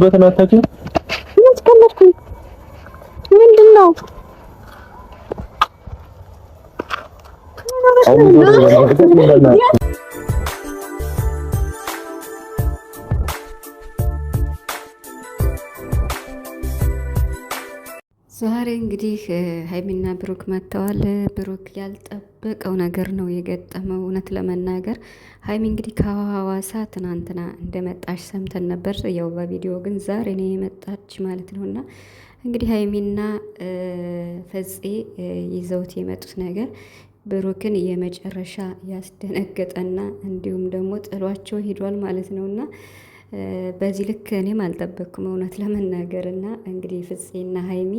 በትን አታውቂው? ያስቀመጥኩኝ ምንድን ነው? ዛሬ እንግዲህ ሀይሚና ብሩክ መጥተዋል። ብሩክ ያልጠበቀው ነገር ነው የገጠመው። እውነት ለመናገር ሀይሚ እንግዲህ ከሀዋሳ ትናንትና እንደመጣች ሰምተን ነበር። ያው በቪዲዮ ግን ዛሬ ነው የመጣች ማለት ነው። እና እንግዲህ ሀይሚና ፈጼ ይዘውት የመጡት ነገር ብሩክን የመጨረሻ ያስደነገጠና እንዲሁም ደግሞ ጥሏቸው ሂዷል ማለት ነው እና በዚህ ልክ እኔም አልጠበቅኩም እውነት ለመናገር እና እንግዲህ ፍፄና ሀይሚ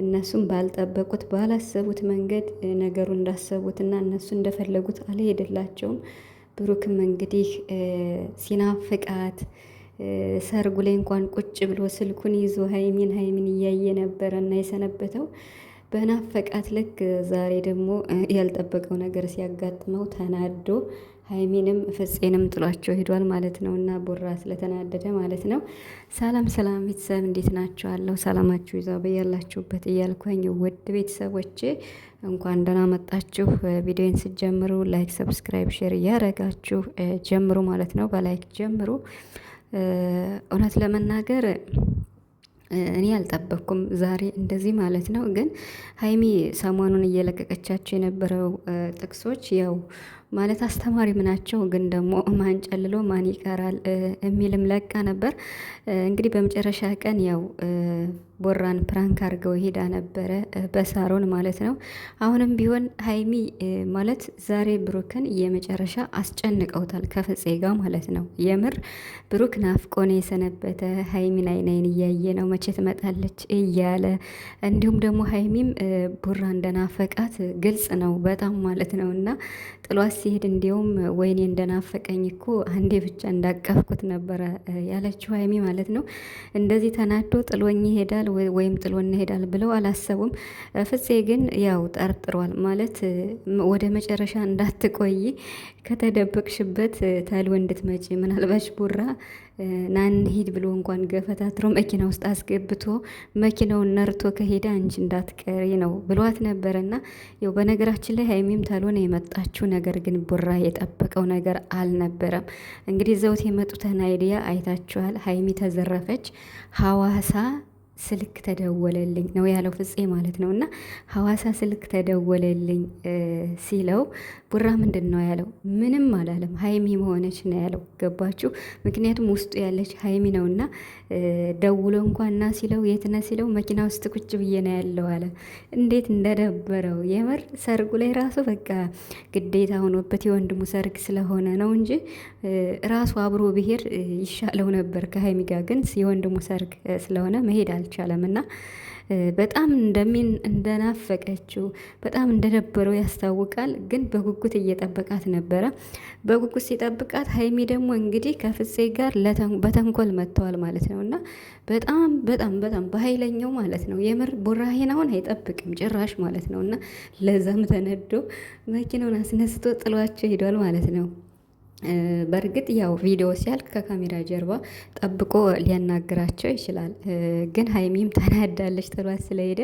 እነሱም ባልጠበቁት ባላሰቡት መንገድ ነገሩ እንዳሰቡትና እነሱ እንደፈለጉት አልሄደላቸውም። ብሩክም እንግዲህ ሲናፍቃት ሰርጉ ላይ እንኳን ቁጭ ብሎ ስልኩን ይዞ ሀይሚን ሀይሚን እያየ ነበረ እና የሰነበተው በናፈቃት ልክ ዛሬ ደግሞ ያልጠበቀው ነገር ሲያጋጥመው ተናዶ ሀይሚንም ፍፄንም ጥሏቸው ሄዷል ማለት ነው። እና ቦራ ስለተናደደ ማለት ነው። ሰላም ሰላም ቤተሰብ እንዴት ናቸው አለው ሰላማችሁ ይዛው በያላችሁበት እያልኩኝ ውድ ቤተሰቦች እንኳን ደህና መጣችሁ። ቪዲዮን ስጀምሩ ላይክ፣ ሰብስክራይብ፣ ሼር እያደረጋችሁ ጀምሩ ማለት ነው። በላይክ ጀምሩ። እውነት ለመናገር እኔ አልጠበኩም ዛሬ እንደዚህ ማለት ነው። ግን ሀይሚ ሰሞኑን እየለቀቀቻቸው የነበረው ጥቅሶች ያው ማለት አስተማሪም ናቸው። ግን ደግሞ ማን ጨልሎ ማን ይቀራል የሚልም ለቃ ነበር። እንግዲህ በመጨረሻ ቀን ያው ቦራን ፕራንክ አድርገው ሄዳ ነበረ በሳሮን ማለት ነው። አሁንም ቢሆን ሀይሚ ማለት ዛሬ ብሩክን የመጨረሻ አስጨንቀውታል ከፍጼ ጋር ማለት ነው። የምር ብሩክ ናፍቆን የሰነበተ ሀይሚን አይናይን እያየ ነው መቼ ትመጣለች እያለ እንዲሁም ደግሞ ሀይሚም ቦራ እንደናፈቃት ግልጽ ነው በጣም ማለት ነው እና ጥሏስ ሲሄድ እንዲሁም ወይኔ እንደናፈቀኝ እኮ አንዴ ብቻ እንዳቀፍኩት ነበረ ያለችው ሀይሚ ማለት ነው። እንደዚህ ተናዶ ጥሎኝ ይሄዳል ወይም ጥሎ ይሄዳል ብለው አላሰቡም። ፍፄ ግን ያው ጠርጥሯል ማለት ወደ መጨረሻ እንዳትቆይ ከተደበቅሽበት ተልወ እንድትመጪ ምናልባሽ ቡራ ናን ሂድ ብሎ እንኳን ገፈታትሮ መኪና ውስጥ አስገብቶ መኪናውን ነርቶ ከሄደ አንቺ እንዳትቀሪ ነው ብሏት ነበረና ያው በነገራችን ላይ ሀይሚም ተልሆነ የመጣችው ነገር ግን ግን ቡራ የጠበቀው ነገር አልነበረም። እንግዲህ ዘውት የመጡትን አይዲያ አይታችኋል። ሀይሚ ተዘረፈች ሀዋሳ ስልክ ተደወለልኝ ነው ያለው ፍፄ ማለት ነው። እና ሐዋሳ ስልክ ተደወለልኝ ሲለው ቡራ ምንድን ነው ያለው? ምንም አላለም። ሀይሚ መሆነች ነው ያለው። ገባችሁ? ምክንያቱም ውስጡ ያለች ሀይሚ ነው እና ደውሎ ና ሲለው የት ነህ ሲለው መኪና ውስጥ ቁጭ ብዬ ነው ያለው አለ። እንዴት እንደደበረው የምር ሰርጉ ላይ ራሱ በቃ ግዴታ ሆኖበት የወንድሙ ሰርግ ስለሆነ ነው እንጂ ራሱ አብሮ ብሄር ይሻለው ነበር ከሀይሚ ጋር ግን የወንድሙ ሰርግ ስለሆነ መሄድ አል አልቻለም እና በጣም እንደሚን እንደናፈቀችው በጣም እንደነበረው ያስታውቃል። ግን በጉጉት እየጠበቃት ነበረ። በጉጉት ሲጠብቃት ሀይሚ ደግሞ እንግዲህ ከፍፄ ጋር በተንኮል መጥተዋል ማለት ነው እና በጣም በጣም በጣም በሀይለኛው ማለት ነው የምር ቡራሄን አሁን አይጠብቅም ጭራሽ ማለት ነው እና ለዛም ተነዶ መኪናውን አስነስቶ ጥሏቸው ሄዷል ማለት ነው። በእርግጥ ያው ቪዲዮ ሲያልቅ ከካሜራ ጀርባ ጠብቆ ሊያናግራቸው ይችላል። ግን ሀይሚም ተናዳለች ጥሏት ስለሄደ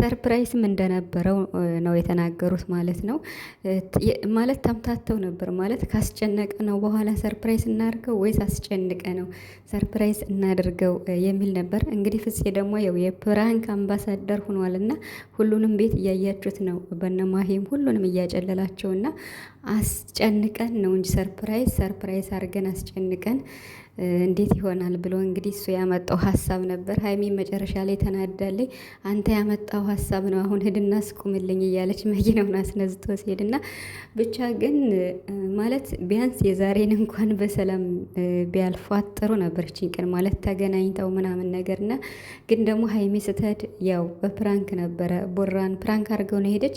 ሰርፕራይስም እንደነበረው ነው የተናገሩት ማለት ነው። ማለት ተምታተው ነበር ማለት ካስጨነቀ ነው በኋላ ሰርፕራይዝ እናድርገው ወይስ አስጨንቀ ነው ሰርፕራይዝ እናድርገው የሚል ነበር። እንግዲህ ፍፄ ደግሞ ያው የፕራንክ አምባሳደር ሁኗል እና ሁሉንም ቤት እያያችሁት ነው። በነማሄም ሁሉንም እያጨለላቸው ና። አስጨንቀን ነው እንጂ ሰርፕራይዝ ሰርፕራይዝ አድርገን አስጨንቀን እንዴት ይሆናል ብሎ እንግዲህ እሱ ያመጣው ሀሳብ ነበር። ሀይሚ መጨረሻ ላይ ተናዳለች። አንተ ያመጣው ሀሳብ ነው አሁን ሂድና አስቁምልኝ እያለች መኪናውን አስነዝቶ ሲሄድና ብቻ ግን ማለት ቢያንስ የዛሬን እንኳን በሰላም ቢያልፏት ጥሩ ነበር። ቀን ማለት ተገናኝተው ምናምን ነገርና ግን ደግሞ ሀይሚ ስትሄድ ያው በፕራንክ ነበረ። ቦራን ፕራንክ አድርገው ነው ሄደች።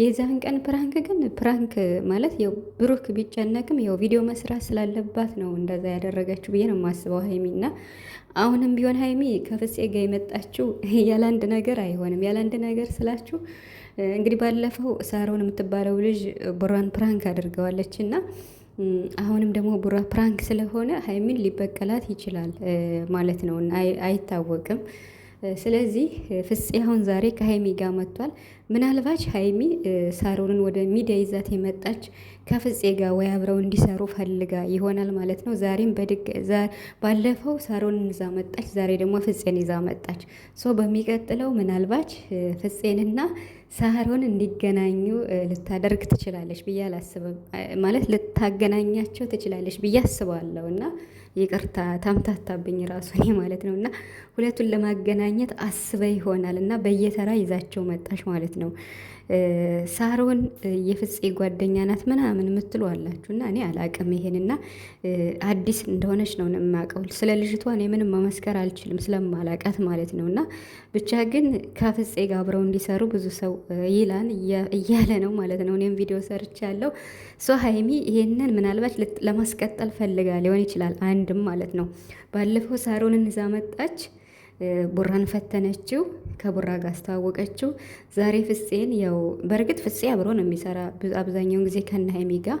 የዛን ቀን ፕራንክ ግን ፕራንክ ማለት ያው ብሩክ ቢጨነቅም ያው ቪዲዮ መስራት ስላለባት ነው እንደዛ ያደረገችው ብዬ ነው የማስበው ሀይሚ እና አሁንም ቢሆን ሀይሚ ከፍፄ ጋ የመጣችው ያለ ነገር አይሆንም። ያለ ነገር ስላችሁ እንግዲህ ባለፈው ሳሮን የምትባለው ልጅ ቡራን ፕራንክ አድርገዋለች እና አሁንም ደግሞ ቡራ ፕራንክ ስለሆነ ሀይሚን ሊበቀላት ይችላል ማለት ነው፣ አይታወቅም። ስለዚህ ፍፄ አሁን ዛሬ ከሀይሚ ጋር መጥቷል። ምናልባች ሀይሚ ሳሮንን ወደ ሚዲያ ይዛት የመጣች ከፍጼ ጋር ወይ አብረው እንዲሰሩ ፈልጋ ይሆናል ማለት ነው። ዛሬም በድግ ባለፈው ሳሮንን ይዛ መጣች፣ ዛሬ ደግሞ ፍጼን ይዛ መጣች። ሶ በሚቀጥለው ምናልባች ፍጼንና ሳሮን እንዲገናኙ ልታደርግ ትችላለች ብዬ አላስብም። ማለት ልታገናኛቸው ትችላለች ብዬ አስባለሁ እና ይቅርታ ታምታታብኝ ራሱ እኔ ማለት ነው እና ሁለቱን ለማገናኘት አስበ ይሆናል እና በየተራ ይዛቸው መጣች ማለት ነው። ነው። ሳሮን የፍፄ ጓደኛ ናት ምናምን የምትሉ አላችሁ እና እኔ አላቅም ይሄንና አዲስ እንደሆነች ነው የማውቀው። ስለ ልጅቷ እኔ ምንም መመስከር አልችልም ስለማላቃት ማለት ነው። እና ብቻ ግን ከፍፄ ጋር አብረው እንዲሰሩ ብዙ ሰው ይላን እያለ ነው ማለት ነው። እኔም ቪዲዮ ያለው ሶ ሀይሚ ይሄንን ምናልባት ለማስቀጠል ፈልጋ ሊሆን ይችላል አንድም ማለት ነው። ባለፈው ሳሮን እንዛ መጣች። ቡራን ፈተነችው፣ ከቡራ ጋር አስተዋወቀችው። ዛሬ ፍፄን ያው በእርግጥ ፍፄ አብሮ ነው የሚሰራ አብዛኛውን ጊዜ ከነ ሀይሚ ጋር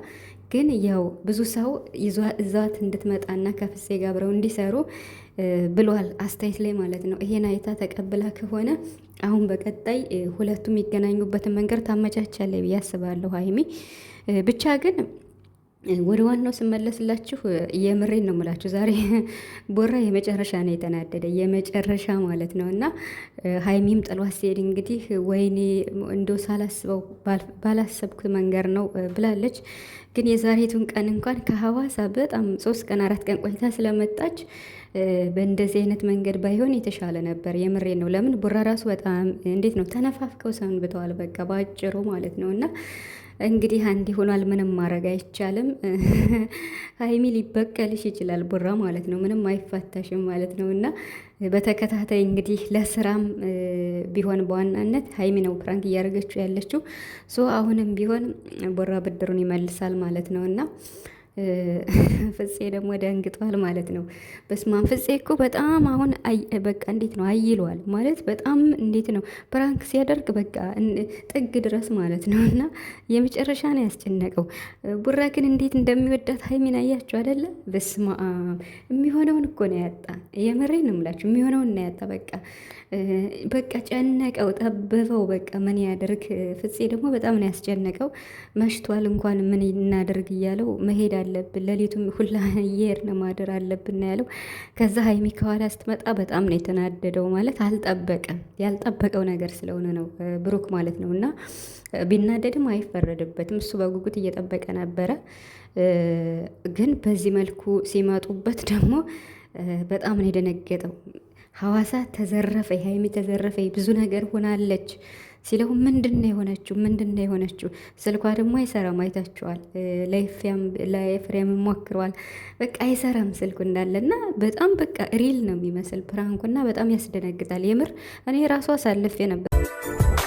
ግን ያው ብዙ ሰው ይዟት እንድትመጣና ከፍፄ ጋር አብረው እንዲሰሩ ብሏል፣ አስተያየት ላይ ማለት ነው። ይሄን አይታ ተቀብላ ከሆነ አሁን በቀጣይ ሁለቱም የሚገናኙበትን መንገድ ታመቻቻለ ብዬ አስባለሁ ሀይሚ ብቻ ግን ወደ ዋናው ስመለስላችሁ የምሬን ነው የምላችሁ። ዛሬ ቦራ የመጨረሻ ነው የተናደደ የመጨረሻ ማለት ነው። እና ሀይሚም ጥሏት ሲሄድ እንግዲህ ወይኔ እንዶ ሳላስበው ባላሰብኩ መንገድ ነው ብላለች። ግን የዛሬቱን ቀን እንኳን ከሀዋሳ በጣም ሶስት ቀን አራት ቀን ቆይታ ስለመጣች በእንደዚህ አይነት መንገድ ባይሆን የተሻለ ነበር። የምሬ ነው። ለምን ቦራ ራሱ በጣም እንዴት ነው ተነፋፍቀው ሰንብተዋል። በቃ በአጭሩ ማለት ነው እና እንግዲህ አንድ ሆኗል። ምንም ማድረግ አይቻልም። ሀይሚ ሊበቀልሽ ይችላል ቡራ ማለት ነው። ምንም አይፋታሽም ማለት ነው እና በተከታታይ እንግዲህ ለስራም ቢሆን በዋናነት ሀይሚ ነው ፕራንክ እያደረገችው ያለችው። ሶ አሁንም ቢሆን ቡራ ብድሩን ይመልሳል ማለት ነው እና ፍፄ ደግሞ ደንግጧል ማለት ነው። በስማን ፍፄ እኮ በጣም አሁን በቃ እንዴት ነው አይሏል ማለት በጣም እንዴት ነው ፕራንክ ሲያደርግ በቃ ጥግ ድረስ ማለት ነው። እና የመጨረሻ ነው ያስጨነቀው። ቡራ ግን እንዴት እንደሚወዳት ሀይሚን አያችሁ አደለ በስማ የሚሆነውን እኮ ነው ያጣ። የመሬ ነው የምላችሁ የሚሆነውን ነው ያጣ። በቃ በቃ ጨነቀው፣ ጠበበው። በቃ ምን ያደርግ ፍፄ ደግሞ በጣም ነው ያስጨነቀው። መሽቷል እንኳን ምን እናደርግ እያለው መሄድ አለብን፣ ሌሊቱም ሁላ እየሄድን ማደር አለብን ያለው። ከዛ ሀይሚ ከኋላ ስትመጣ በጣም ነው የተናደደው። ማለት አልጠበቀም፣ ያልጠበቀው ነገር ስለሆነ ነው ብሩክ ማለት ነው። እና ቢናደድም አይፈረድበትም፣ እሱ በጉጉት እየጠበቀ ነበረ። ግን በዚህ መልኩ ሲመጡበት ደግሞ በጣም ነው የደነገጠው። ሐዋሳ ተዘረፈ፣ ሀይሚ ተዘረፈ፣ ብዙ ነገር ሆናለች ሲለው ምንድን የሆነችው ምንድን የሆነችው ስልኳ ደግሞ አይሰራም። አይታችኋል። ለኤፍሬም ሞክሯል። በቃ አይሰራም ስልኩ እንዳለና በጣም በቃ ሪል ነው የሚመስል ፕራንኩና በጣም ያስደነግጣል። የምር እኔ ራሱ አሳልፌ ነበር።